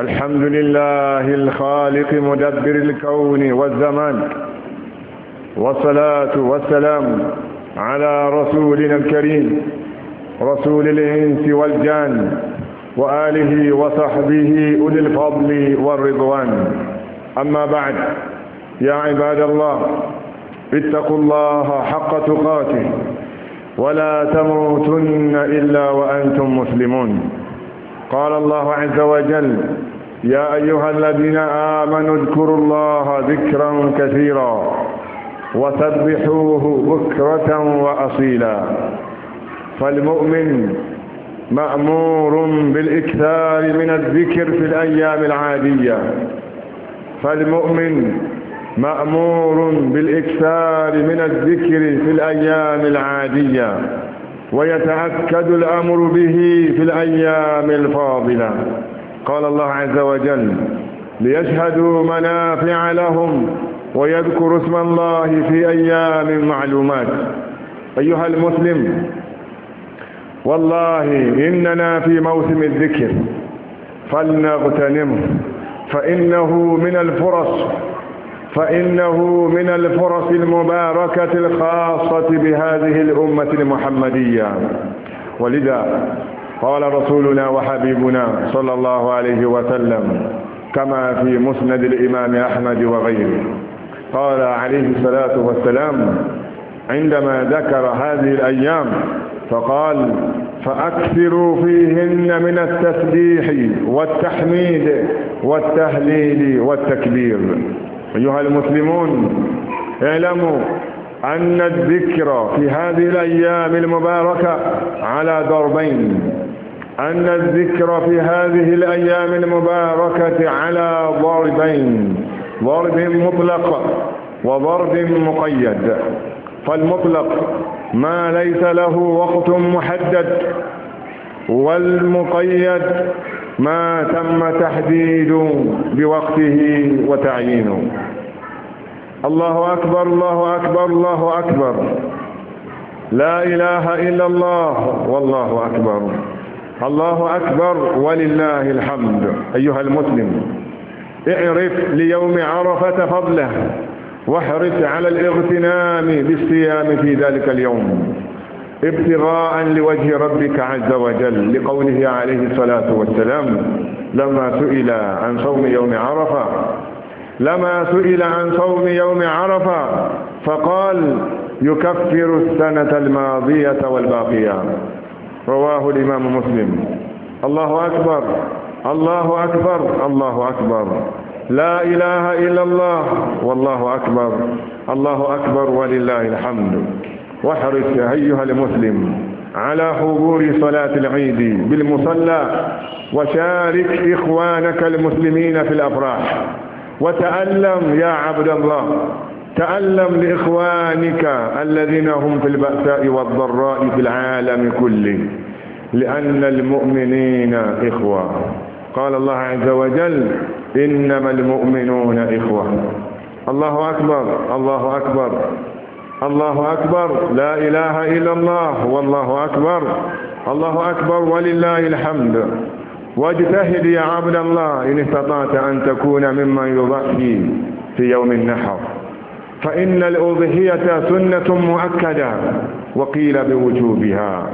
الحمد لله الخالق مدبر الكون والزمان والصلاة والسلام على رسولنا الكريم رسول الإنس والجان وآله وصحبه أولي الفضل والرضوان أما بعد يا عباد الله اتقوا الله حق تقاته ولا تموتن إلا وأنتم مسلمون قال الله عز وجل يا أيها الذين آمنوا اذكروا الله ذكرا كثيرا وسبحوه بكرة وأصيلا فالمؤمن مأمور بالإكثار من الذكر في الأيام العادية فالمؤمن مأمور بالإكثار من الذكر في الأيام العادية ويتأكد الأمر به في الأيام الفاضلة قال الله عز وجل ليشهدوا منافع لهم ويذكروا اسم الله في أيام معلومات أيها المسلم والله إننا في موسم الذكر فلنغتنمه فإنه من الفرص فإنه من الفرص المباركة الخاصة بهذه الأمة المحمدية ولذا قال رسولنا وحبيبنا صلى الله عليه وسلم كما في مسند الإمام أحمد وغيره قال عليه الصلاة والسلام عندما ذكر هذه الأيام فقال فأكثروا فيهن من التسبيح والتحميد والتهليل والتكبير أيها المسلمون اعلموا أن الذكر في هذه الأيام المباركة على ضربين أن الذكر في هذه الأيام المباركة على ضربين ضرب مطلق وضرب مقيد فالمطلق ما ليس له وقت محدد والمقيد ما تم تحديد بوقته وتعيينه الله أكبر الله أكبر الله أكبر لا إله إلا الله والله أكبر الله أكبر ولله الحمد أيها المسلم اعرف ليوم عرفة فضله واحرص على الاغتنام بالصيام في ذلك اليوم ابتغاء لوجه ربك عز وجل لقوله عليه الصلاة والسلام لما سئل عن صوم يوم عرفة لما سئل عن صوم يوم عرفة فقال يكفر السنة الماضية والباقية رواه الإمام مسلم الله أكبر الله أكبر الله أكبر لا إله إلا الله والله أكبر الله أكبر ولله الحمد واحرص أيها المسلم على حضور صلاة العيد بالمصلى وشارك إخوانك المسلمين في الأفراح وتألم يا عبد الله تألم لإخوانك الذين هم في البأساء والضراء في العالم كله لأن المؤمنين إخوة قال الله عز وجل إنما المؤمنون إخوة الله أكبر الله أكبر الله أكبر لا إله إلا الله والله أكبر الله أكبر ولله الحمد واجتهد يا عبد الله إن استطعت أن تكون ممن يضحي في يوم النحر فإن الأضحية سنة مؤكدة وقيل بوجوبها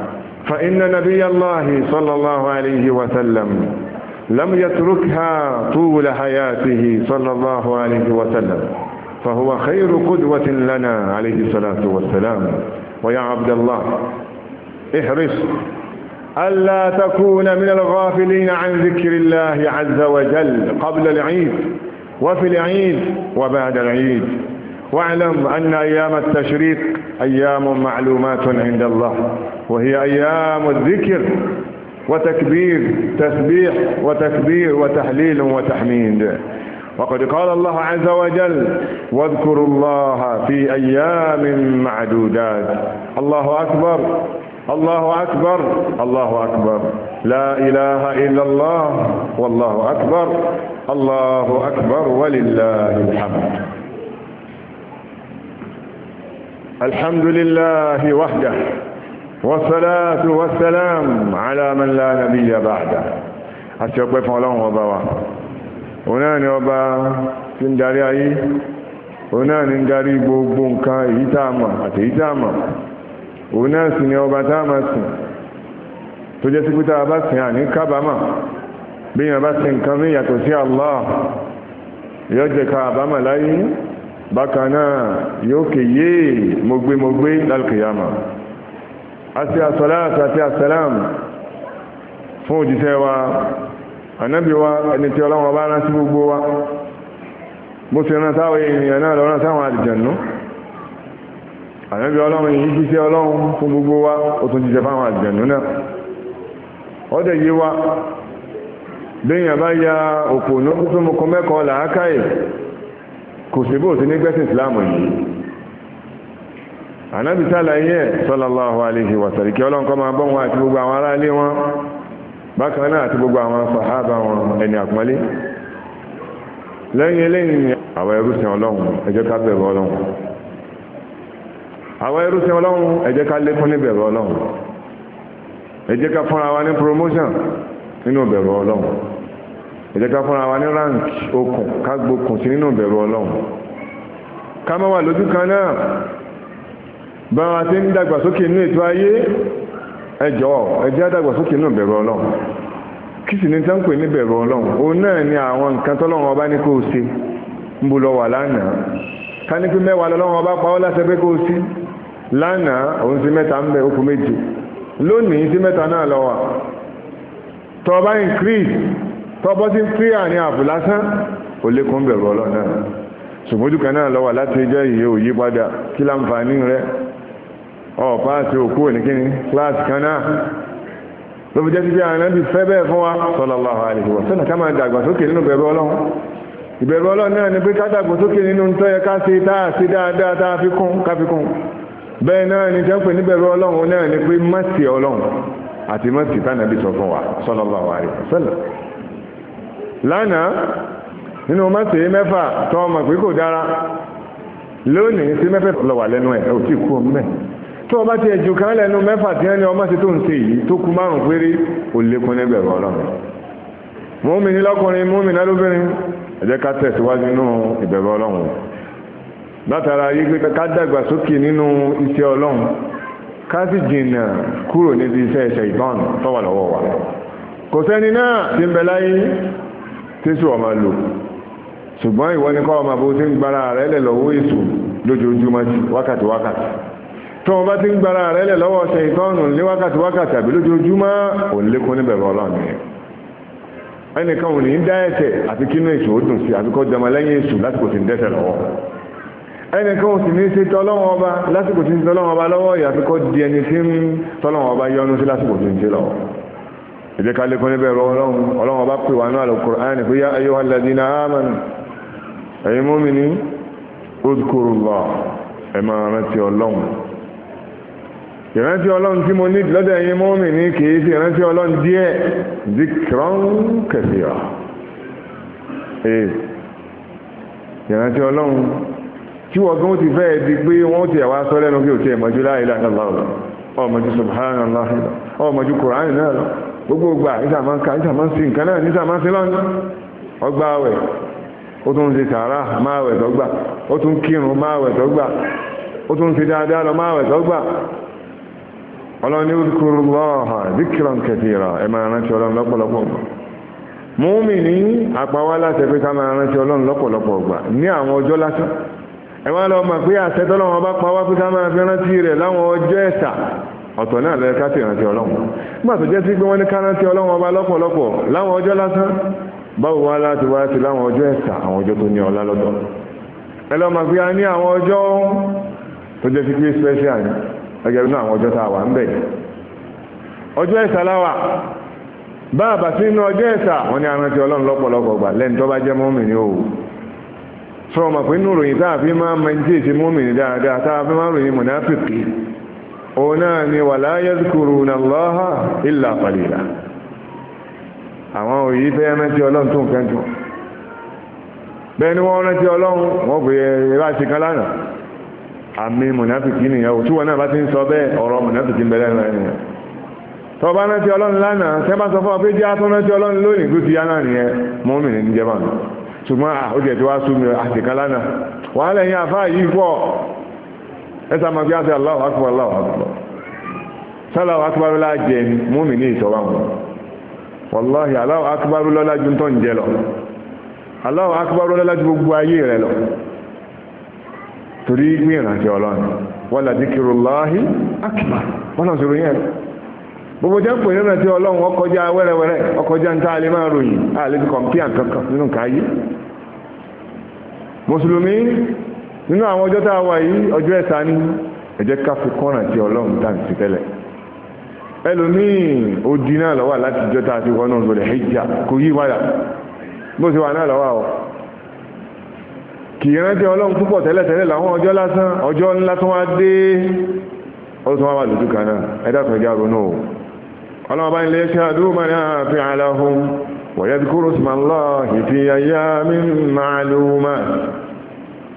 فإن نبي الله صلى الله عليه وسلم لم يتركها طول حياته صلى الله عليه وسلم فهو خير قدوة لنا عليه الصلاة والسلام ويا عبد الله احرص ألا تكون من الغافلين عن ذكر الله عز وجل قبل العيد وفي العيد وبعد العيد واعلم أن أيام التشريق أيام معلومات عند الله وهي أيام الذكر وتكبير تسبيح وتكبير وتحليل وتحميد وقد قال الله عز وجل واذكروا الله في أيام معدودات الله أكبر الله أكبر الله أكبر لا إله إلا الله والله أكبر الله أكبر ولله الحمد الحمد لله وحده والصلاة والسلام على من لا نبي بعده àti ọpẹ́ fún ọlọ́run ọba wa òun náà ni ọba tí ń darí ayé òun náà ni ń darí gbogbo nǹkan èyí tá a mọ̀ àti èyí tá a mọ̀ òun náà sì ni ọba tá a máa sìn tó jẹ́ sí pé tá a bá sìn àní kábàámọ̀ bí èèyàn bá sìn nǹkan mí yàtọ̀ sí Allah yóò jẹ́ kábàámọ̀ láyé bákanáà yóò kè yé mọ̀gbẹ́mọ̀gbẹ́ lálùkìyàmà àti àsọ́láàtì àti àsàlám fún òjíṣẹ́ wa ànábì wa ẹni tí ọlọ́wọ́ bá rán gbogbo wa bó ti rán sáwọn èèyàn náà lọ́rán sáwọn àlìjànú ànábì ọlọ́run yìí ọlọ́run fún gbogbo wa ó tún jíṣẹ́ fáwọn náà wa lẹ́yìn òpó kò sí bó sí ní gbẹ́sìn ìsìláàmù yìí ànábì sálàyé ẹ̀ sallallahu alaihi wa sallam kí ọlọ́nkọ́ máa bọ́ wọn àti gbogbo àwọn ará ilé wọn bákan náà àti gbogbo àwọn sàhábà wọn ẹni àpọ́nlé lẹ́yìn eléyìn àwọn ẹrúsìn ọlọ́run ẹ jẹ́ ká bẹ̀rù ọlọ́run àwọn ká fúnra wa ní promotion nínú bẹ̀rù ọlọ́run ìjẹ́ká fúnra wa ní rank okùn kágbókùn sí nínú ìbẹ̀rù ọlọ́run ká má wà lójú kan wa ti ń dàgbàsókè inú ètò ayé ẹjọ́ ẹjẹ́ dàgbàsókè ìbẹ̀rù ọlọ́run kí sì ní tán pè ní ìbẹ̀rù ọlọ́run ni àwọn nǹkan ọba ní kó o lọ wà ọba pa ọ́ o lánàá òun sí mẹ́ta ń bẹ ọba increase tọ́bọ́ sí kíríà ní ààbò lásán ó lékún bẹ̀rù ọlọ́run náà ṣùgbójú kan náà lọ́wọ́ láti jẹ́ ìyẹ́ òyí padà kí láǹfààní rẹ ọ̀pá àti òkú ní kíni kan náà ló fi jẹ́ sí pé ànábì fẹ́ bẹ́ẹ̀ fún wa sallallahu alaihi wa sallam ká máa dàgbàsókè nínú ni pé ká dàgbàsókè nínú tó yẹ ká ṣe tá a ṣe ni jẹ́ pé níbẹ̀rù ọlọ́run náà ni pé má sí ọlọ́run àti sallallahu alaihi wa sallam lánàá nínú mọ́sí mẹ́fà tó ọmọ pé kò dára lónìí sí mẹ́fẹ́ lọ wà lẹ́nu ẹ̀ ò tí kú ọmọ ẹ̀ tó ọba ti ẹ̀jù kan lẹ́nu mẹ́fà tí wọ́n ní ọmọ sí tó ń ṣe yìí tó kú márùn péré ò lékún níbẹ̀rù ọlọ́run mùmínì lọ́kùnrin mùmínà lóbìnrin ẹ ká tẹ̀síwájú nínú ìbẹ̀rù ọlọ́run látara yí pé ká dàgbà sókè nínú iṣẹ́ ọlọ́run ká sì jìnnà kúrò níbi iṣẹ́ ẹ̀ṣẹ̀ ìbọn tó lọ́wọ́ wa kò sẹ́ni náà ti ń bẹ láyé tẹ́sù ọmọ lò ṣùgbọ́n ìwọ ní kọ́ ọmọ bó ti ń gbára rẹ̀ lẹ̀ lọ́wọ́ èṣù lójoojúmọ́ sí wákàtí wákàtí tó wọn bá ti ń gbára rẹ̀ lẹ̀ lọ́wọ́ ṣe ìtọ́nù ní wákàtí wákàtí àbí lójoojúmọ́ ò lékún níbẹ̀ ọlọ́run ẹnìkan ò ní dá ẹ̀ṣẹ̀ àti kínú èṣù ó dùn sí àbíkọ́ jọmọ lẹ́yìn èṣù lásìkò tí ń dẹ́ṣẹ̀ lọ́wọ́ ẹnìkan ò sì ní ṣe tọ́lọ́wọ́n ọba lásìkò tí ń tọ́lọ́wọ́n ọba lọ́wọ́ ìyàfikọ́ di ẹni tí ń tọ́lọ́wọ́n ọba yọ́nú sí lásìkò tí ń ṣe ìjẹ́ ká lékún níbẹ̀ rọ ọlọ́run ọlọ́run ọba pè wà náà al-Qur'an pé yá ayọ́ alladhina amanu ẹ̀yin mùmínì udhkurullah ẹ máa rántí ọlọ́run ìrántí ọlọ́run tí mo ní lọ́dọ̀ ẹ̀yin mùmínì kìí sí ìrántí ọlọ́run díẹ̀ zikran kathira ìrántí ọlọ́run tí wọ́n gán ti fẹ́ẹ̀ di pé wọ́n ti náà gbogbo gbà ìsàmánká ìsàmánsí nǹkan náà nísàmánsí lọ́nà ọgbà àwẹ̀ ó tún ṣe sàárà máa wẹ̀ tọ́gbà ó tún kírun máa wẹ̀ tọ́gbà ó tún ṣe dáadáa lọ máa wẹ̀ tọ́gbà ọlọ́ni lọ́ọ̀hà ẹ máa rántí ọlọ́run lọ́pọ̀lọpọ̀ múmi ní àpáwá láti ẹgbẹ́ ká máa lọ mọ̀ pé àṣẹ pa wá pé ká máa ọ̀tọ̀ náà lẹ́yẹ ká sì rántí ọlọ́run nígbà tó jẹ́ sí pé wọ́n ní ká rántí ọlọ́run ọba lọ́pọ̀lọpọ̀ láwọn ọjọ́ lásán báwo wá láti wá sí láwọn ọjọ́ ẹ̀sà àwọn ọjọ́ tó ní ọlá lọ́dọ̀ ẹ fi a ní àwọn ọjọ́ tó jẹ́ sí special ẹgẹ́ bí náà àwọn ọjọ́ tá a wà ń bẹ̀ ọjọ́ ẹ̀sà láwà bá àbá sí inú ọjọ́ ẹ̀sà wọ́n ní arántí ọlọ́run lọ́pọ̀lọpọ̀ gbà lẹ́ni tó bá jẹ́ mọ́mì ní òwò sọ ọmọ pé ona ni wala yazkuruna Allaha illa qalila àwọn òyí fẹ́ rántí ọlọ́run tó nǹkan jù bẹ́ẹ̀ ni wọ́n rántí ọlọ́run wọ́n pè ya ṣe kan lánàá àmì mùnáfìkì nìyàwó tí wọ́n náà bá ti ń sọ bẹ́ẹ̀ ọ̀rọ̀ mùnáfìkì ń bẹ̀rẹ̀ rẹ̀ nìyàn tó bá rántí ọlọ́run lánàá tẹ́ bá sọ fún ọ pé jẹ́ atún ẹsà máa fi á sí Allahu Akbar Allahu Akbar sálàwọ̀ akíbarú láàjẹ ni múmi ní ìṣọ́wà wọn wàláhì Allahu Akbar lọ́lá ju tó ń jẹ lọ Allahu Akbar lọ́lá ju gbogbo ayé rẹ lọ torí ní ìrànṣẹ́ ọlọ́run wala zikrullahi akbar wọ́n náà sọ̀rọ̀ yẹn gbogbo jẹ́ pè nínú ẹ̀tí ọlọ́run ọkọjá wẹ́rẹ́wẹ́rẹ́ ọkọjá ń táàlé máa ròyìn àlè fi kankan nínú káyé mùsùlùmí nínú àwọn ọjọ́ tá a wà yìí ọjọ́ ẹ̀ta ní ẹ ká fi kọ́nà tí ọlọ́run odi náà lọ́wọ́ láti jọ́ tá a ti wọnú ọ̀gbọ̀dẹ̀ hijja kò yí padà bó ti wà náà lọ́wọ́ o kì í rántí ọlọ́run púpọ̀ làwọn ọjọ́ lásán ọjọ́ ńlá tó wá dé wá wà lójú kan náà ronú o ọlọ́run bá ń ṣe ìfìyàyà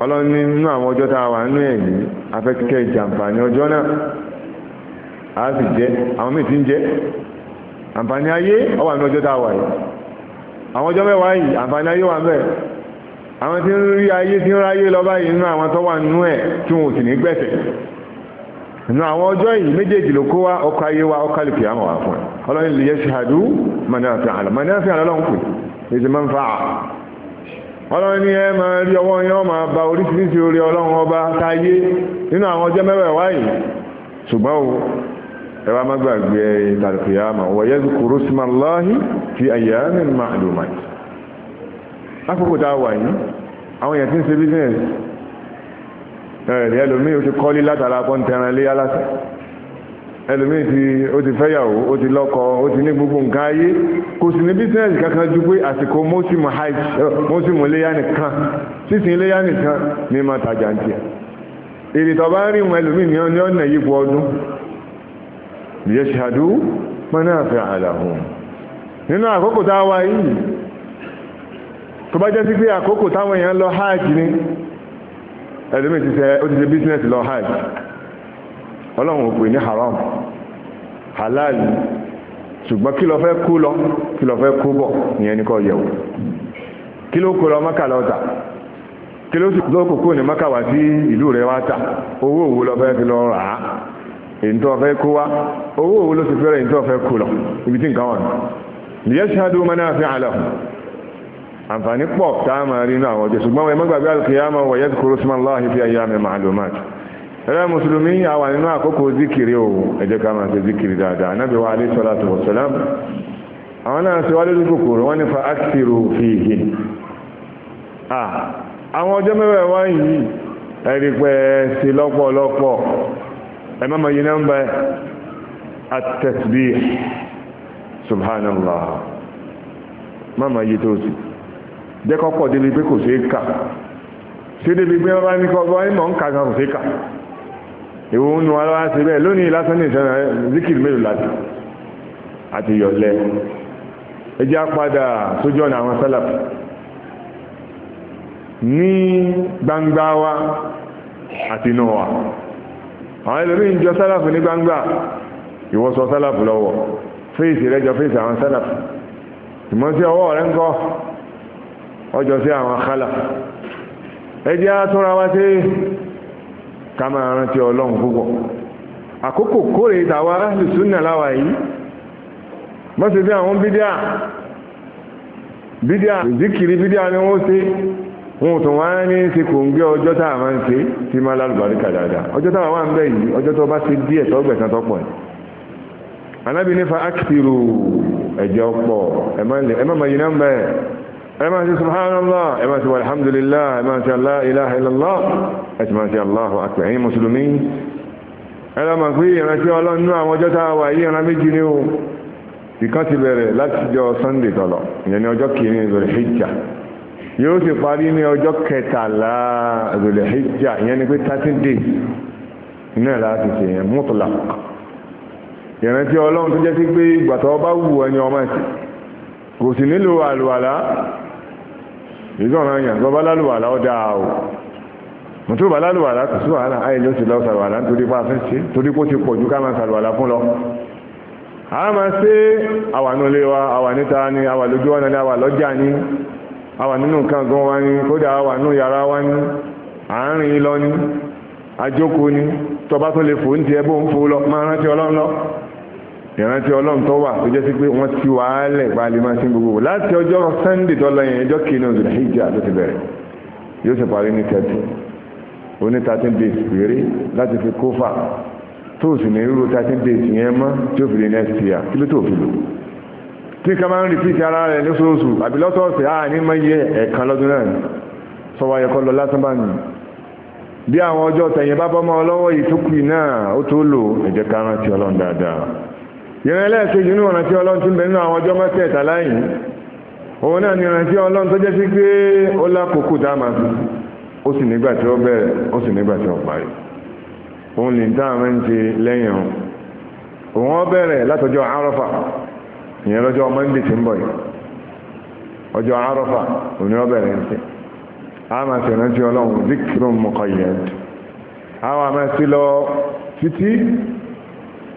ọlọ́ni nínú àwọn ọjọ́ tàà wà nínú ẹ̀yí afẹ́kíkẹ́ ìjàǹfààní ọjọ́ náà a sì jẹ́ àwọn mìí tí ń jẹ́ àǹfààní ayé ọwà ní ọjọ́ tàà wà yìí àwọn ọjọ́ mẹ́wàá yìí àǹfààní ayé wà mẹ́ àwọn tí ń rí ayé tí ń ráyé lọ báyìí nínú àwọn tó wà nínú ẹ̀ tí wọn ò sì ní gbẹ̀sẹ̀ nínú àwọn ọjọ́ yìí méjèèjì ló kó wa ọkọ̀ ayé wa ọkọ̀ lè kìyàmọ̀ wà fún ẹ ọlọ́ni lè yẹ ṣe àdú mọ̀nà àfihàn lọ́wọ́ pè é ti máa ń fa ọlọ́run ní ẹ máa rí ọwọ́ yẹn máa ba oríṣiríṣi orí ọlọ́run ọba táyé nínú àwọn ọjọ́ mẹ́wàá wáyé ṣùgbọ́n o ẹ wá má gbàgbé tàlùkìyàmà wa yadhkuru isma Allahi fi ayyamin ma'lumat lákòókò tá a wà yìí àwọn èèyàn tí ń ṣe business ẹ̀rẹ̀ ẹlòmíì ti kọ́lé látara pọ́ńtẹ́ran léyà ẹlòmíì tí ó ti fẹ́yàwó ó ti lọ́kọ ó ti ní gbogbo nǹkan ayé kò sì ní bísíǹsì kankan ju pé àsìkò mọ́símù hajj mọ́símù iléyà nìkan sísìn iléyà nìkan ní máa tajà ń tiẹ̀ èrè tó bá rí wọn ẹlòmíì ní ọ̀nà yípo ọdún yẹ́ṣàdú manáàfẹ́ àlàhùn nínú àkókò tá a wá yìí tó bá jẹ́ sí pé àkókò táwọn èèyàn lọ hajj ni ẹlòmíì ti ṣe bísíǹsì lọ hajj ọlọ́run ò pè ní haram halal ṣùgbọ́n kí lọ fẹ́ kú lọ kí lọ fẹ́ kú bọ̀ ìyẹn ní kó yẹ̀wò kí ló kó lọ mọ́kà lọ́ta kí ló sì lọ́kò kó ní mọ́kà sí ìlú rẹ̀ wá tà owó òwò lọ fẹ́ fi lọ rà á èyí tó fẹ́ kó wá owó òwò ló sì fẹ́ èyí tó fẹ́ kú lọ ibi tí nǹkan wà ní liyashhadu manafi'a lahum àǹfààní pọ̀ tá a máa rí inú àwọn ọjọ́ ṣùgbọ́n wọn ẹ má gbàgbé al-qiyamah wa yadhkuru isma Allahi fi ayyamin ma'lumat ẹ̀rẹ́ mùsùlùmí àwà nínú àkókò zikiri o ẹ jẹ́ ṣe zikiri dáadáa anábì wa alẹ́ sọ́lá tó wọ̀sọ́lá àwọn náà ṣe wá lójú kòkòrò wọ́n ní fa ákìrò fìhì àwọn ọjọ́ mẹ́wàá wá yìí ẹ̀rí pẹ́ sí lọ́pọ̀lọpọ̀ ẹ má mọ̀ yìí nọ́mbà at-tasbih subhanallah má yìí tó sì jẹ́kọ́pọ̀ débi pé kò kà débi pé wọ́n bá ní kọ́ ìwò ń wọ́n wá sí bẹ́ẹ̀ lónìí lásán ní ìṣẹ́nà zikiri mélòó láti àti yọ̀lẹ́ ẹjẹ́ apadà sójú ọ̀nà àwọn sálàf ní gbangba wa àti inú wa àwọn ẹlòmíì ń jọ sálàf ní gbangba ìwọ́sọ sálàf lọ́wọ́ fèsì rẹ jọ fèsì àwọn sálàf ìmọ̀ sí ọwọ́ rẹ ń kọ́ ọjọ́ sí àwọn kálàf ẹjẹ́ atúnra wa sí kama máa rántí ọlọ́run púpọ̀ àkókò kórè tàwa lùsùnà láwà yìí mọ́sí sí àwọn bídíà bídíà ìdíkiri bídíà ni wọ́n ṣe wọn tó wá ní ṣe kò ń gbé ọjọ́ tá a máa ń ṣe tí máa lálùbáríkà dáadáa ọjọ́ tá a wà ń bẹ̀ yìí ọjọ́ tó bá ṣe díẹ̀ tó ẹ máa ṣe subhanallah ẹ máa ṣe alhamdulillah ẹ máa ṣe la ilaha illallah ẹ máa ṣe Allahu akbar ẹ̀yin mùsùlùmí ẹlọ ma pé ìrántí ọlọ́run ní àwọn ọjọ́ tá a wà yí ìran méjì ní o ìkan ti bẹ̀rẹ̀ láti jọ sunday tọ̀lọ̀ ìyẹn ní ọjọ́ kìíní zulhijja yóò sì parí ní ọjọ́ kẹtàlá zulhijja ìyẹn ni pé thirteen days iná láti ṣe yẹn mútùlá ìrántí ọlọ́run tó jẹ́ sí pé ìgbà tó wù ẹni ọmọ ẹ̀sìn kò sì nílò àlùwàlá ìzọ́ràn èèyàn lọ́bá lálùwàlá ó dáa o mo tó bá lálùwàlá kò sí wàhálà ayé ló ti lọ sàlùwàlá nítorí pé a fẹ́ ṣe torí pé ó wa àwà ni àwà lójú ni àwà ni àwà nǹkan gan wa ni kódà àwà yàrá wa ni àárín lọ ni àjókòó ni tọba tó lè fò ń tiẹ bó fò lọ máa rántí ọlọ́run lọ ìrántí ọlọ́run tó wà tó jẹ́ sí pé wọ́n ti wà á lẹ̀ pa lè máa sí gbogbo láti ọjọ́ sunday tọ́lọ yẹn ẹjọ́ kìíní oṣù hijab tó ti bẹ̀rẹ̀ yóò sì parí ní thirty oní thirteen days péré láti fi kófà tó sì ní irú thirteen days yẹn mọ́ tí ó fi lè next year kí ló tó fi lò tí ká máa ń repeat ara rẹ̀ lóṣooṣù àbí lọ́sọ̀ọ̀sẹ̀ á ní mọ iye ẹ̀ẹ̀kan lọ́dún náà ni sọ́wọ́ ayẹkọ́ lọ lásán bá nìyí bí àwọn ọjọ́ tẹ̀yìn bá bọ́mọ ọlọ́wọ́ yìí tó kù náà ó tó lò ẹ̀jẹ̀ ká rántí ọlọ́run dáadáa ìran ẹlẹ́ẹ̀kejì ní ọ̀nà tí ọlọ́run ti ń àwọn ọjọ́ mẹ́tẹ̀ẹ̀ta láyìn òun náà ni ọ̀nà tí ọlọ́n tó jẹ́ sí pé ó lákòókò tá a ó sì nígbàtí ó bẹ̀rẹ̀ ó sì nígbàtí ó parí òun lè dá àwọn lẹ́yìn òun bẹ̀rẹ̀ látọjọ́ arọ́fà ìyẹn lọ́jọ́ mọ́ndé ń bọ̀ yìí ọjọ́ arọ́fà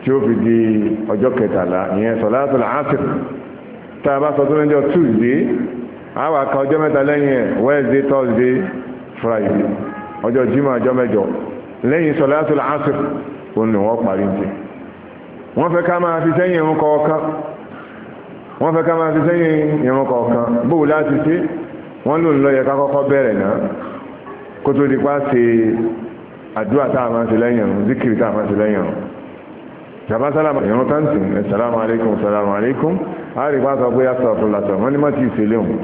tí ó fi di ọjọ́ kẹtàlá ìyẹn sọ̀látùl asr tá a bá sọ tó lẹ́jọ́ tuesday a wà ká ọjọ́ mẹ́ta lẹ́yìn wednesday thursday friday ọjọ́ jímọ̀ ọjọ́ mẹ́jọ lẹ́yìn sọ̀látùl asr òun ni wọ́n parí ti wọ́n fẹ́ ká máa fi sẹ́yìn ìrun kọ̀ọ̀kan wọ́n fẹ́ ká máa fi sẹ́yìn ìrun kọ̀ọ̀kan bóò láti ṣe wọ́n lò ń lọ yẹ ká kọ́kọ́ bẹ̀rẹ̀ náà kó tó di pa ṣe àdúrà tá máa ṣe lẹ́yìn zikiri máa ṣe lẹ́yìn tàbá sálámà ìrún táǹtì ẹ̀sàlámà aléìkùn sàlámà aléìkùn a rí pàtàkì pé yàtọ̀ àfọlàtọ̀ wọ́n ní má ti ìṣẹ̀lẹ̀ òun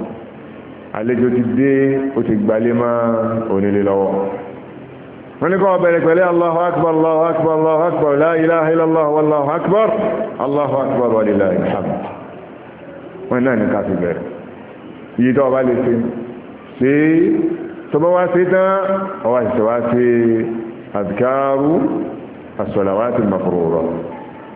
àlejò ti dé ó ti gbalé má onílé lọ́wọ́ wọ́n ní kọ́ ọbẹ̀rẹ̀ pẹ̀lẹ́ Allahu akbar Allahu akbar Allahu akbar la ilaha illallah wallahu akbar Allahu akbar wa lillahil hamd wọ́n náà ní ká fi bẹ̀rẹ̀ iye tó ọba lè ṣe ṣe tọba wá ṣe tán ọwá ṣe wá ṣe àdìkáàrú àṣọ̀làwá ti mafòrò rọ̀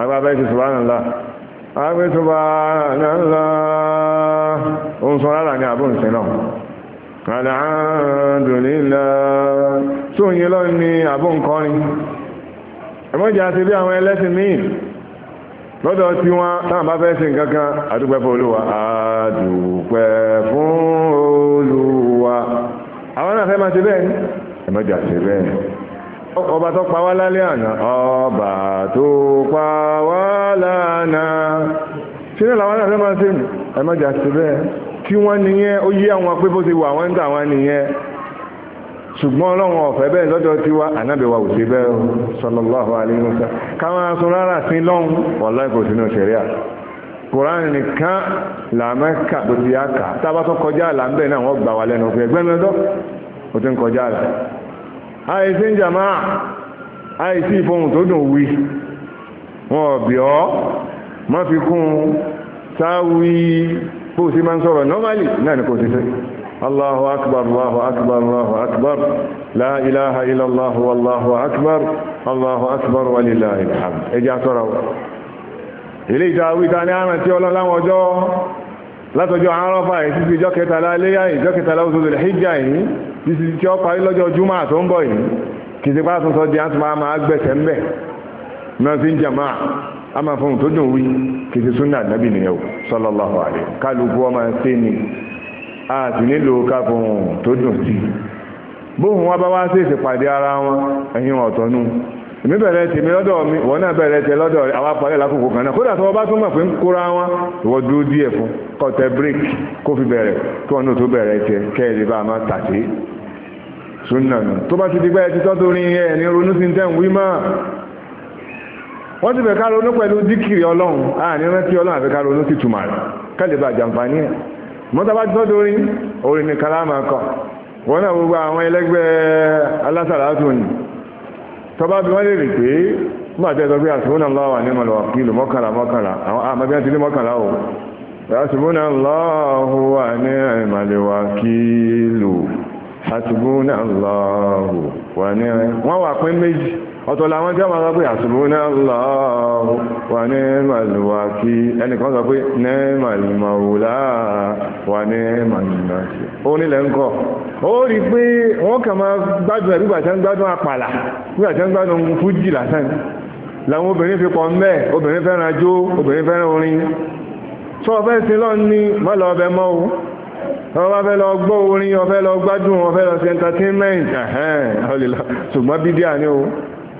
agbábẹ́ ti subhanallah agbẹ́ subhanallah ohun sọ rárá ní àbúrùn sí náà alhamdulillah tó yí lọ ní àbúrùn kọrin ẹmọ́jà ti bí àwọn ẹlẹ́sìn míì lọ́dọ̀ tí wọ́n táwọn bá fẹ́ sí nǹkankan àdúpẹ́ fún olúwa àdúpẹ́ fún olúwa àwọn náà fẹ́ máa ti bẹ́ẹ̀ ẹmọ́jà ti bẹ́ẹ̀ ọba tó pa wá lálẹ́ àná ọba tó pa wá lánàá ṣe ní làwọn àfẹ́ máa ṣe ẹ má jà sí bẹ́ẹ̀ kí wọ́n nìyẹn ó yí àwọn pé bó wà wọ́n ń tà ṣùgbọ́n ọlọ́run ọ̀fẹ́ bẹ́ẹ̀ lọ́dọ̀ tí wá ànábẹ̀wà ò sí bẹ́ẹ̀ sallallahu alaihi wasallam káwọn aṣọ rárá sí lọ́hùn wallahi kò sínú ṣẹ̀ríà kòránì nìkan làmẹ́kà tó ti yá kà tábà tó kọjá àlà ń bẹ̀ náà wọ́n gbà wà lẹ́nu ọ̀fẹ́ ẹgbẹ́ mẹ́tọ́ ó ti ń kọjá àlà àìsí ń jàmá àìsí ìfohùn tó dùn wí wọn ọ̀bì ọ́ má fi kún sáwí bó sí máa ń sọ̀rọ̀ normally náà ni kò sí sẹ́ Allahu akbar Allahu akbar Allahu akbar la ilaha illallah wallahu akbar Allahu akbar wa lillahi alhamd ẹjá sọ́ra ilé ìtàwí ta ní àrántí ọlọ́láwọ́jọ́ látọjọ́ àárọ́fà yìí títí ìjọ kẹtàlá léyà ìjọ kẹtàlá oṣooṣù ìjà yìí títí tí ó parí lọ́jọ́ júmọ́ àtó ń bọ̀ yìí kìí pa àtúntò di àtúmọ̀ àmà agbẹ̀sẹ̀ ń bẹ̀ náà sí ń jàmá àmà fún tó dùn wí kìí súnà nàbì nìyẹn sallallahu alaihi kálukú ọmọ ṣe ni a sì nílò ká fún èmi bẹ̀rẹ̀ tèmi lọ́dọ̀ mi wọ́n náà bẹ̀rẹ̀ tẹ lọ́dọ̀ rẹ̀ àwọn apàlẹ́ lákòókò kan náà kódà tó bá tún mọ̀ pé ń kóra wọn ìwọ dúró díẹ̀ fún kọtẹ break kó fi bẹ̀rẹ̀ kí wọn náà tó bẹ̀rẹ̀ tẹ kẹ́ẹ̀lì bá máa tàṣe súnà nù tó bá ti di gbáyẹ títọ́ tó ẹ̀ ní ronú sí tẹ́ ń wí máa wọ́n ti fẹ́ ká ronú pẹ̀lú díkìrì ọlọ́run àní ní tọba bí wọ́n lè rí pé máa tẹ́ sọ pé àṣìbónà lọ́wọ́ ní ọmọlọ́wọ́ kìlò mọ́kànlá mọ́kànlá àwọn àmàbí àti ilé mọ́kànlá o àṣìbónà lọ́wọ́ ọ̀tọ̀ làwọn tí wọ́n máa pè àṣùbúná lọ́wọ́ wà ní màlúwà kí ẹnìkan sọ pé ní màlúmàwòlá wà ní màlúmà kí ó nílẹ̀ ń kọ́ ó rí pé wọ́n kà máa gbádùn ẹ̀ gbígbà tí wọ́n gbádùn àpàlà gbígbà tí wọ́n gbádùn fújì lásán làwọn obìnrin fi pọ̀ mẹ́ obìnrin fẹ́ràn ajó obìnrin fẹ́ràn orin tó ọfẹ́ sí lọ́n ní mọ́lọ ọbẹ̀ mọ́ o ọba fẹ́ lọ gbọ́ orin ọfẹ́ lọ gbádùn ọfẹ́ lọ sí entertainment ṣùgbọ́n bídíà ni o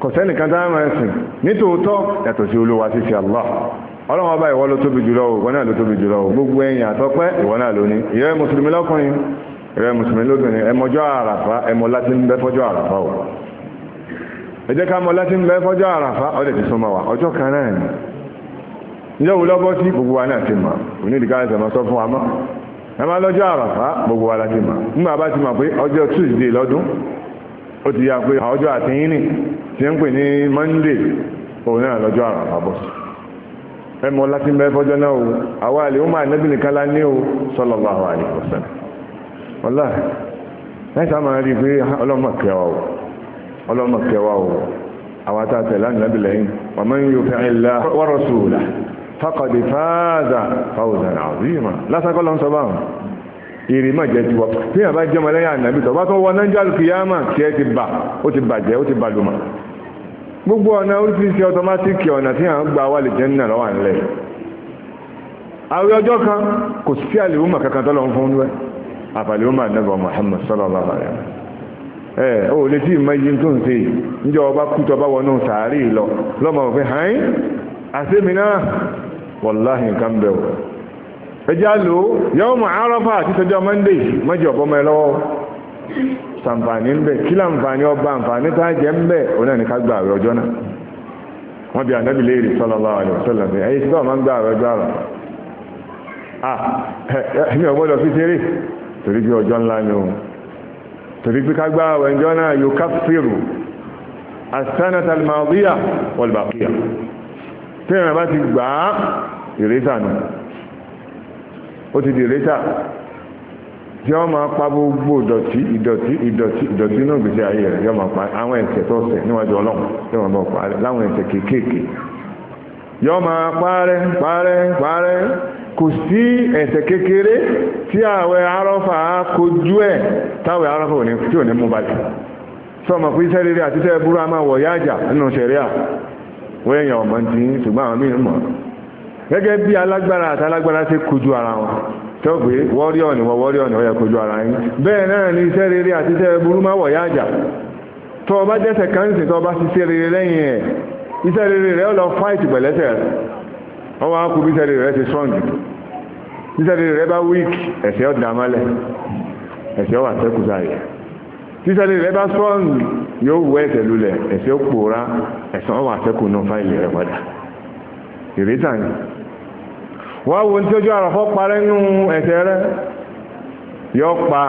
kọ̀sẹ́nì kan tá máa sìn nítòótọ́ yàtọ̀ sí olúwa sí ti Allah ọlọ́run ọba ìwọ ló tóbi jùlọ ìwọ náà ló tóbi jùlọ gbogbo ẹ̀yìn àtọ́pẹ́ ìwọ náà ló ní ìrẹ́ mùsùlùmí lọ́kùnrin ìrẹ́ mùsùlùmí lóbìnrin ẹmọjọ́ àràfá ẹmọ láti ń fọ́jọ́ àràfá o ẹ jẹ́ ká mọ láti ń fọ́jọ́ gbogbo wa náà ti mọ̀ ẹsẹ̀ mọ́ sọ fún wa mọ́ ẹ máa la tí ń pè ní Monday òun náà lọ́jọ́ àrùn àbábọ̀ ẹ mọ láti ń bẹ fọjọ́ náà o àwa àlè ó máa nẹ́bí nìkan lá ní o sallallahu alaihi wasallam ọ̀la láìsá ìrì máa jẹ́ tiwọ́ tí yàrá bá jẹ́ lẹ́yìn ànábì bá tó wọ náà jẹ́ àlùkìyàmà kí ẹ ti bà ó ti bàjẹ́ ó ti bàlùmọ̀ gbogbo ọ̀nà oríṣiríṣi ọtọmátìkì ọ̀nà tí à ń gba wà lè jẹ́ nínú àlọ́wà ńlẹ̀ àwọn ọjọ́ kan kò sí àlèwọ́mà kankan tọ́lọ ń fún wẹ́ àfàlèwọ́mà nẹ́bọ̀ Muhammad sallallahu alaihi wasallam ẹ̀ o lè tí lọ sàǹfààní ń bẹ kí láǹfààní ọba àǹfààní tá a jẹ ń bẹ òun náà ní ká gba àwẹ̀ ọjọ́ náà wọ́n bí ànábì léèrè sallallahu alaihi wasallam ẹ̀yìn tí wọ́n máa ń gba àwẹ̀ ọjọ́ àrùn ẹ̀mí ọgbọ́dọ̀ fi ṣeré torí bí ọjọ́ ńlá ni òun torí pé ká gba àwẹ̀ ọjọ́ náà yukaffiru as-sanata al-madiya wal-baqiya tí ìrìn ti gbà á ìrẹ́sà nù ó ti di ìrẹ́sà tí wọ́n máa pa gbogbo ìdọ̀tí ìdọ̀tí ìdọ̀tí ìdọ̀tí náà gbèsè ayé rẹ̀ yọ máa pa àwọn ẹ̀ṣẹ̀ tó ṣẹ̀ níwájú ọlọ́run yọ máa bọ̀ pa rẹ̀ láwọn ẹ̀ṣẹ̀ kéékèèké yọ máa parẹ́ parẹ́ parẹ́ kò sí ẹ̀ṣẹ̀ kékeré tí àwẹ̀ arọ́fà kojú ẹ̀ táwẹ̀ arọ́fà òní tí ò ní mú balẹ̀ sọmọ pé iṣẹ́ rere àti iṣẹ́ burú a wọ̀ yájà nínú ṣẹ̀ríà wọ́n èèyàn ọ̀mọ́ ti tí ó pé wọ́rí ọ̀nì wọ wọ́rí ọ̀nì ọ̀yẹ̀ kojú ara yín bẹ́ẹ̀ náà ni iṣẹ́ rere àti iṣẹ́ burú máa wọ̀ yájà tọ́ ọba jẹ́sẹ̀ káńsì tọ́ ọba ṣiṣẹ́ rere lẹ́yìn ẹ̀ iṣẹ́ rere rẹ̀ lọ fáìtì pẹ̀lẹ́sẹ̀ ọwọ́ akú bí iṣẹ́ rere rẹ̀ ti strong iṣẹ́ rere rẹ̀ bá weak ẹ̀ṣẹ̀ ọ̀dàmálẹ̀ ẹ̀ṣẹ̀ ọ̀wà sẹ́kùsáyẹ̀ títẹ̀lé rẹ̀ bá wá wo tí ojú àràfọ́ parẹ́ nínú ẹ̀ṣẹ̀ rẹ yọ pa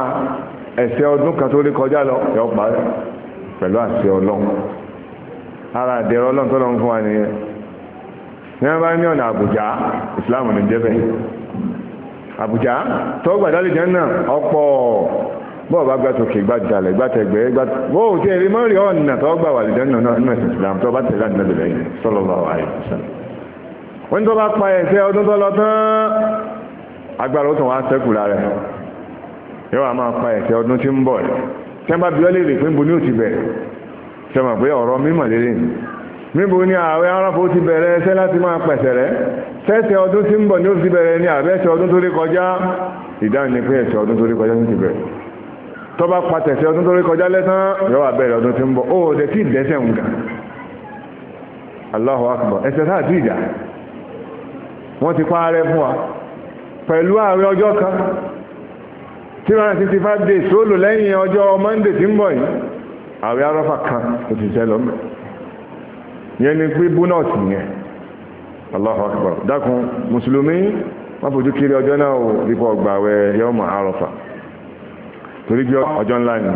ẹ̀ṣẹ̀ ọdún kan tó lé kọjá lọ yọ parẹ́ pẹ̀lú àṣẹ ọlọ́run ara àdẹ̀rọ ọlọ́run tó lọ fún wa nìyẹn ní wọ́n bá ní ọ̀nà àbújá ìsìláàmù ní jẹ́bẹ̀ àbújá tó gbàdálẹ̀ jẹ́ náà ọ̀pọ̀ bọ́ọ̀ bá gbà sókè gbàdálẹ̀ gbàtẹ̀gbẹ́ gbàtẹ̀gbẹ́ ó ti ẹ̀rí mọ́rí ọ̀nà tó gbà wà lè jẹ́ náà nínú ẹ̀sìn ìsìláàmù tó bá tẹ̀lé àdínàbẹ̀lẹ̀ sọ́lọ́lọ́ àìsàn wọ́n tó bá pa ẹ̀ṣẹ̀ ọdún tó lọ tán agbára ó tàn wá sẹ́kù lára ẹ̀ yóò wá máa pa ẹ̀ṣẹ̀ ọdún tí ń bọ̀ ẹ̀ tí wọ́n bá bí ọlẹ́ ìrèpé níbo ní ò ti bẹ̀rẹ̀ ṣe mọ̀ pé ọ̀rọ̀ mímọ̀ lélẹ̀ níbo ni ààrẹ aráfo ti bẹ̀rẹ̀ ẹ̀ṣẹ̀ láti máa pẹ̀sẹ̀ rẹ̀ ṣẹ̀ṣẹ̀ ọdún tí ń bọ̀ ní ó ti bẹ̀rẹ̀ ni ààrẹ ẹ̀ṣẹ̀ ọdún tó rí kọjá ìdáhùn ni pé ẹ̀ṣẹ̀ ọdún tó rí kọjá ní ti bẹ̀rẹ̀ tó bá pàtẹ̀sẹ̀ ọdún tó rí kọjá lẹ́tán yóò wá bẹ̀rẹ̀ ọdún tí ń bọ̀ ó dẹ̀ tí ì dẹ́ṣẹ̀ ń ga Allahu akbar ẹ̀ṣẹ̀ sáà tí ìjà wọ́n ti pa ààrẹ fún wa pẹ̀lú ààrẹ ọjọ́ kan 365 days tó lò lẹ́yìn ọjọ́ Monday tí ń bọ̀ yìí ààrẹ arọ́fà kan tó ti ṣẹlọ mẹ́ yẹn ni pé bónọ́ọ̀tì yẹn Allahu Akbar dákun mùsùlùmí wọ́n fojú kiri ọjọ́ náà ò rí pọ̀ gbàwẹ̀ yọmọ arọ́fà torí bí ọjọ́ ńlá ni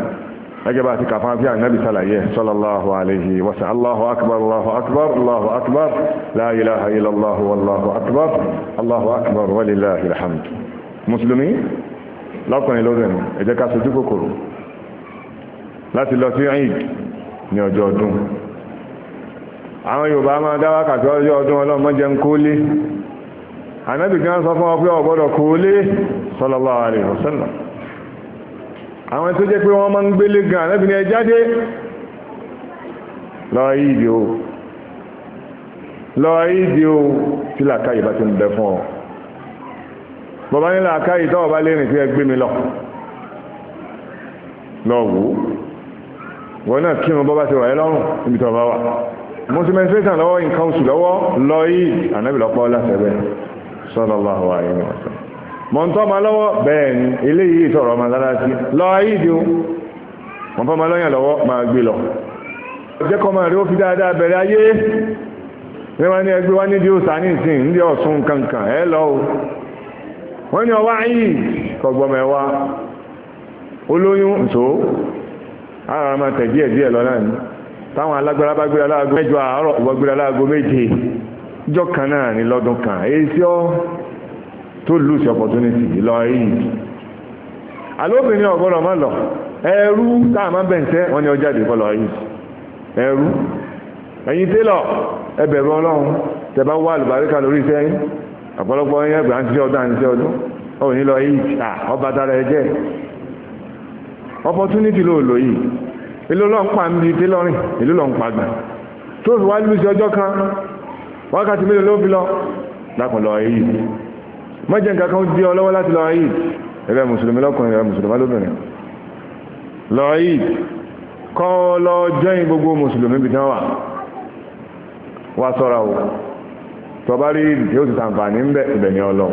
gẹ́gẹ́ bá ti kà fún àfíà nábi sàlàyé sallallahu alaihi wasa allahu akbar allahu akbar allahu akbar la ilaha illallah wallahu akbar allahu akbar walillahi alhamd musulumi lọ́kùnrin lóbìnrin ẹ jẹ́ ká sojú kòkòrò láti lọ sí eid ní ọjọ́ ọdún àwọn yorùbá máa dáwà kàtí ọjọ́ ọdún ọlọ́mọ jẹun kólé anábì kan sọ fún ọ pé ọgbọ́dọ̀ kólé sallallahu alaihi wasallam àwọn tó jẹ́ pé wọ́n máa ń gbélé gan anábìnrin ẹ jáde lọ ìdí o lọ ìdí o tí làákàyè bá ti ń bẹ fún ọ bọ̀bá ní làákàyè tọ́wọ́ bá lè rìn ẹ gbé mi lọ lọ wọ́n náà kí wọn bọ́bá ti wà lọ́rùn níbi tọ́ bá wà mọ́sílẹ̀ lọ́wọ́ nǹkan oṣù lọ́wọ́ lọ ìdí anábìlọ́pọ̀ láṣẹ bẹ́ẹ̀ sallallahu alaihi mọ̀ntọ́mọ lọ́wọ́ bẹ́ẹ̀ ni eléyìí ìtọ̀rọ̀ ọmọ lára sí lọ ayídi o mọ̀ntọ́mọ lọ́yàn lọ́wọ́ ma gbé lọ jẹ́kọ́ máa rí ó fi dáadáa bẹ̀rẹ̀ ayé ní ẹgbẹ́ wá ní ìsìn o wọ́n ní ọwá kọgbọm kọgbọmọ ẹwà olóyún ara tẹ̀ díẹ̀ díẹ̀ lọ náà ni táwọn alágbára bá gbéra láago tó lose opportunity lọ yìí alóbìnrin ọ̀gbọ́dọ̀ lọ ẹrú a máa bẹ̀ǹtẹ́ wọn ni ọjà lọ yìí ẹrú ẹ̀yin lọ ẹbẹ̀rù ọlọ́run tẹ bá wà lùbáríkà lórí iṣẹ́ yín ọ̀pọ̀lọpọ̀ yín àti iṣẹ́ ọdún àti lọ yìí à ọba dára ẹ jẹ́ opportunity ló lọ yìí lọ́n pa ń bi lọ́n pa gbà tó fi wá lùsí lọ mọ́jẹ́ nǹkan kan dí ọlọ́wọ́ láti lọ Eid ẹ̀rẹ́ mùsùlùmí lọ́kùnrin ẹ̀rẹ́ mùsùlùmí lóbìnrin lọ Eid kọ́ lọ jẹ́yìn gbogbo mùsùlùmí bí tán wà wá sọ́ra o tọ́ bá rí ìdí ó ti sàǹfààní ń bẹ̀ ìbẹ̀ ní ọlọ́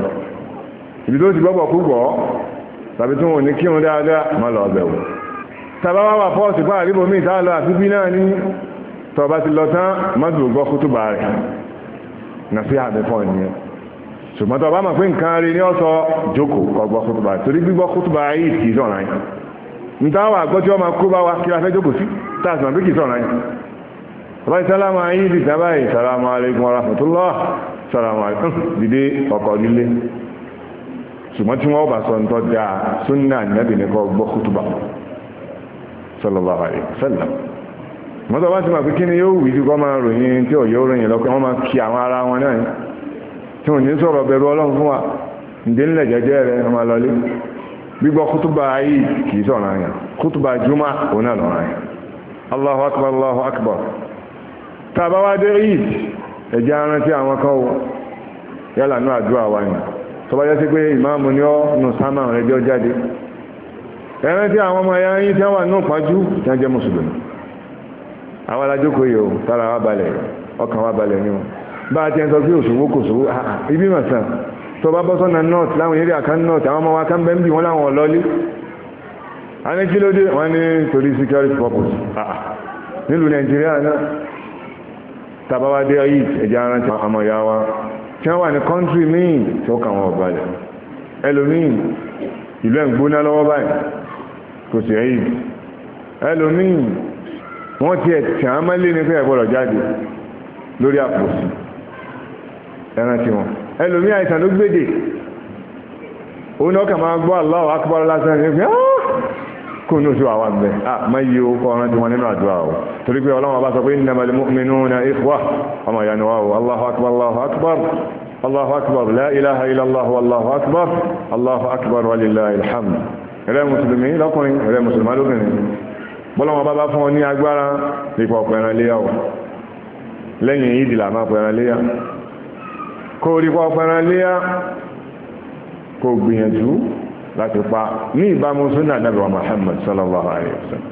ibi tó ti gbọ́gbọ̀ púpọ̀ tàbí tí wọn ò ní kírun dáadáa má lọ ọbẹ̀ nàfíà àbẹ̀fọ́ nìyẹn ṣùgbọ́n tó bá mọ̀ pé nǹkan rí ní ọ̀sọ̀ jókòó kó gbọ́ kútùbà torí gbígbọ́ kútùbà yìí kì í sọ̀rọ̀ yẹn níta wà gbọ́ tí wọ́n máa kó bá wa kí la fẹ́ jókòó sí tá a sì sọ̀rọ̀ yẹn bàbá ìsálámà yìí ti sábà yìí sàlámù alaikum wa rahmatullah sàlámù alaikum dìde ọkọ̀ líle sallallahu alaihi wasallam mọ́tò bá ti mọ̀ pé kí ni yóò wí ju kọ́ máa ròyìn tí wọ́n ní beru bẹ̀rù ọlọ́run fún wa ǹdẹ́ ńlẹ̀ rẹ̀ ọmọ lọlé gbígbọ́ kútùbà ayé kìí sọ̀rọ̀ àyàn kútùbà jùmọ̀ Allahu akbar Allahu akbar tàbá arántí àwọn kan o yálà ní àdúrà wa ni tó bá pé ìmáàmù ni ọ́ nù sámà rẹ̀ jọ jáde ẹ̀rántí àwọn ọmọ ẹ̀yà yìí tí wọ́n wà o tára balẹ̀ ọkàn balẹ̀ ni bá a ti ń sọ pé kò sówó ah, ah, ibi màsàn tó bá bọ́ sọ́nà north láwọn eré àkán north àwọn ọmọ wa kan bẹ́ ń bì wọ́n láwọn ọ̀lọ́lé a ní kí ló dé wọ́n ní torí security purpose ah, nílùú nàìjíríà náà tàbáwá dé ọyí ẹ̀jẹ̀ ara ti ọmọ ìyá wa tí wọ́n wà ní country míì tí ó kà wọ́n ọ̀balẹ̀ ẹlòmíì ìlú ẹ̀ ń gbóná lọ́wọ́ báyìí kò sí ẹ̀yìn ẹlòmíì wọ́n ti ẹ̀ tí a máa lé ní pé ẹ̀gbọ́dọ̀ jáde lórí àpòsí ẹran tí wọn ẹlòmí àìsàn ló gbédè òun náà kà máa gbọ́ Allahu akbar lásán ní pé ah! kún ní oṣù àwọn àgbẹ̀ àmọ́ yìí ó kọ́ ọ̀rán tí wọ́n nínú àdúrà o torí pé ọlọ́wọ́ bá sọ pé innamal mu'minuna kó rí pọ́ pẹran léyá kó gbìyànjú láti pa ní ìbámu súnà nàbẹ̀ wa Muhammad sallallahu alayhi wa sallam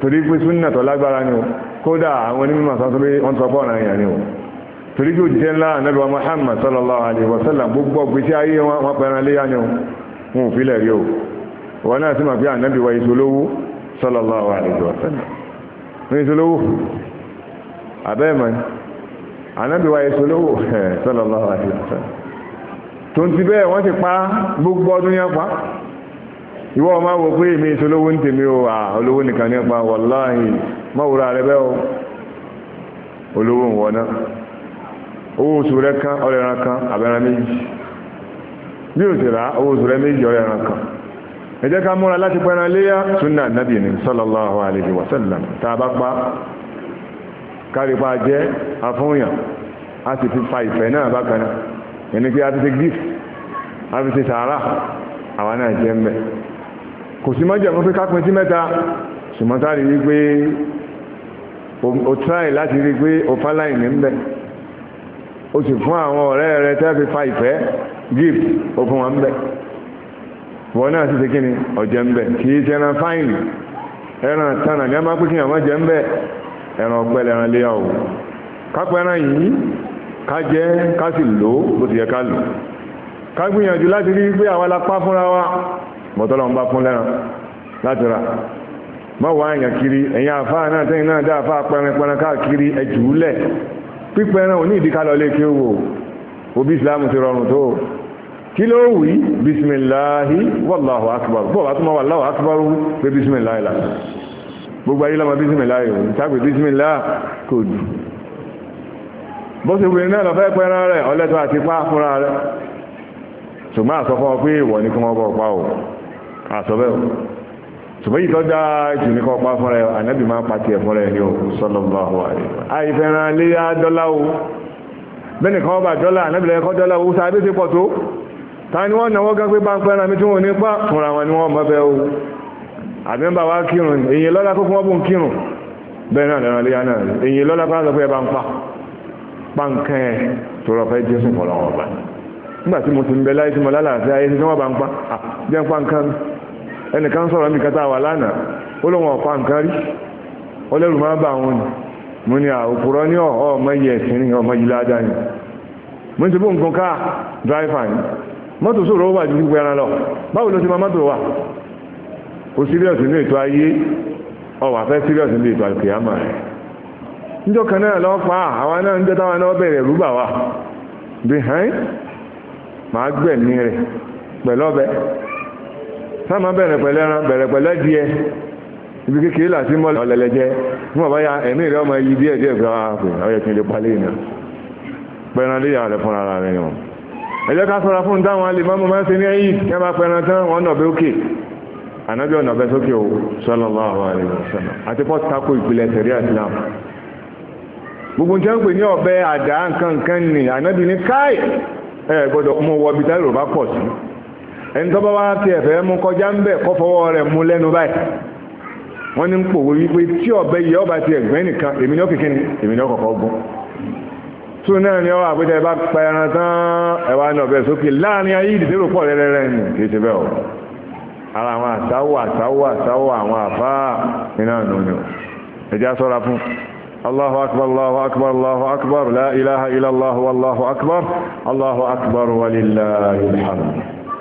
torí pé súnà tó lágbára ni o kódà àwọn onímọ̀ sọ pé wọ́n sọ pọ̀ náà yà ni o torí pé òjìṣẹ́ ńlá nàbẹ̀ wa Muhammad sallallahu alayhi wa sallam gbogbo gbèsè ayé wọn pẹran léyá o wọn ò filẹ̀ rí o wọn náà sì máa fi ànábì ìṣolówó sallallahu alayhi wa sallam anábìwá èso lówó sallallahu alaihi wasallam tó ti bẹ́ẹ̀ wọ́n ti pa gbogbo ọdún yẹn pa ìwọ ọmọ wo pé èmi èso lówó ń tèmi o à olówó nìkan ní pa wallahi mọ́wúra rẹ bẹ́ẹ̀ o olówó ń wọ́ná owó oṣù rẹ kan ọlẹ́ran kan abẹ́ran méjì bí kárípa jẹ́ afúnyàn a sì fi fa ìfẹ́ náà bákan ẹni pé a ti ṣe gift a fi ṣe sàárà àwa náà jẹ́ mbẹ́ kò sí mọ́jẹ̀ fún pé kápin sí mẹ́ta ṣùgbọ́n sáré rí pé o try láti rí pé o fáláì ní mbẹ́ o sì fún àwọn ọ̀rẹ́ rẹ tẹ́ fi fa ìfẹ́ gift o fún wọn mbẹ́ wọn náà sì ṣe kí ni ọ̀jẹ̀ mbẹ́ kì í ṣe ẹran fáìlì ẹran tánà ní a máa pín kí àwọn ọjẹ́ mbẹ́ ẹran ọpẹ́ lẹran léyà o kápẹ́ran yìí ká jẹ ká sì lò bó ti yẹ ká lò ká gbìyànjú láti rí pé àwa la pa fúnra wa bọ̀tọ́lọ̀ ń bá fún lẹ́ran láti ra má wá èèyàn kiri ẹ̀yìn àfáà náà tẹ́yìn náà dá àfáà pẹran pẹran káàkiri ẹ̀jùúlẹ̀ pípẹran ò ní ìdíkálọ̀ lè kí ó wò òbí islam ti rọrùn tó kí ló wí bisimilahi wàláhù akbar bọ́ọ̀ bá tún mọ́ wàláhù akbar wí pé bisimilahi lásán gbogbo ayé lọ́mọ bísímìlá ìrùn tàbí bísímìlá kò dù bó ṣe wùrẹ̀ náà lọ́fẹ́ pẹ́ran rẹ̀ ọlẹ́tọ́ àti pá fúnra rẹ̀ ṣùgbọ́n àsọfọ́ pé ìwọ̀ ní kí wọ́n bọ́ pa ò àsọbẹ́ ò ṣùgbọ́n yìí tọ́já jù ní kọ́ pa fúnra ẹ̀ ànábì máa pa tiẹ̀ fúnra ẹ̀ ní òkú sallallahu alaihi àìfẹ́ràn àbí ń bá wá kírun èyàn lọ́lá kó fún wọ́n bó ń kírun bẹ́ẹ̀ náà lẹ́ran léyà náà èyàn lọ́lá kó lọ́pẹ́ bá ń pa pánkẹ́ ẹ̀ tó rọ fẹ́ jésù fọlọ́wọ́ ọba nígbà tí mo ti ń bẹ láyé tí mo lálàáfíà ayé tí wọ́n bá ń pa jẹ́ ń pa máa bá àwọn ni mo ní àwòkúrọ́ ní ọ̀họ́ ọmọ yẹ ẹ̀sìn ní ọmọ yìí ládàá ni ti bó nǹkan káà dráìfà ni mọ́tò sòrò wà ju gbogbo lọ báwo ló ti máa mọ́tò wà o serious nínú ètò ayé ọwà fẹ́ serious nínú ètò àkìyàmà rẹ̀ níjọ́ kan náà lọ́ pa àwa náà ń jẹ́ta wa náà bẹ̀rẹ̀ rúbà wa behind màá gbẹ̀mí rẹ̀ pẹ̀lú ọbẹ̀ sáàmà bẹ̀rẹ̀ pẹ̀lú ẹran bẹ̀rẹ̀ pẹ̀lú ẹdìẹ ibi kékeré láti mọ́ ọ̀lẹ̀lẹ̀ jẹ́ fún ọ̀bá ya ẹ̀mí rẹ̀ ọmọ yìí díẹ̀ díẹ̀ fún àwọn àpè ọyẹ kí n lè palẹ̀ ìnà pẹ̀ran lè yà rẹ̀ fún ara rẹ̀ wọn ẹ̀jẹ̀ ká sọ́ra fún dáwọn alẹ́ mọ́mọ́ máa ń ṣe ní ẹ̀yìn kí wọ́n máa pẹ̀ran tán wọ́n nọ̀ bẹ́ ànábì ọ̀nà ọ̀bẹ sókè o sallallahu alaihi wasallam àti pọ́ tako ìpìlẹ̀ sẹ̀rí islam gbogbo nǹkan pè ní ọ̀bẹ àdá nǹkan nǹkan ni ànábì ní káì ẹ gbọ́dọ̀ mú wọ ibi táyọ̀ bá pọ̀ sí ẹni tó bá wá ti ẹ̀fẹ́ mú kọjá ń bẹ̀ kọ́ fọwọ́ rẹ̀ mú lẹ́nu báyìí wọ́n ní ń pòwe wípé tí ọ̀bẹ yẹ ọba ti ẹ̀gbẹ́ nìkan èmi ní ọ̀kìnkìn èmi ní ọ̀kọ̀ọ̀kọ̀ gún tó náà ni ọwọ́ àpẹtẹ bá pa ẹran tán ẹwà náà bẹ̀ sókè láàrin ayé ìdìtẹ́rò pọ̀ rẹ́rẹ́rẹ́ ni kì í ṣe bẹ́ẹ̀ o ara àwọn àsáwò àsáwò àsáwò àwọn àfáà iná nùnú ẹjá sọ́ra fún Allahu akbar Allahu akbar Allahu akbar la ilaha illallah wallahu akbar Allahu akbar walillahil hamd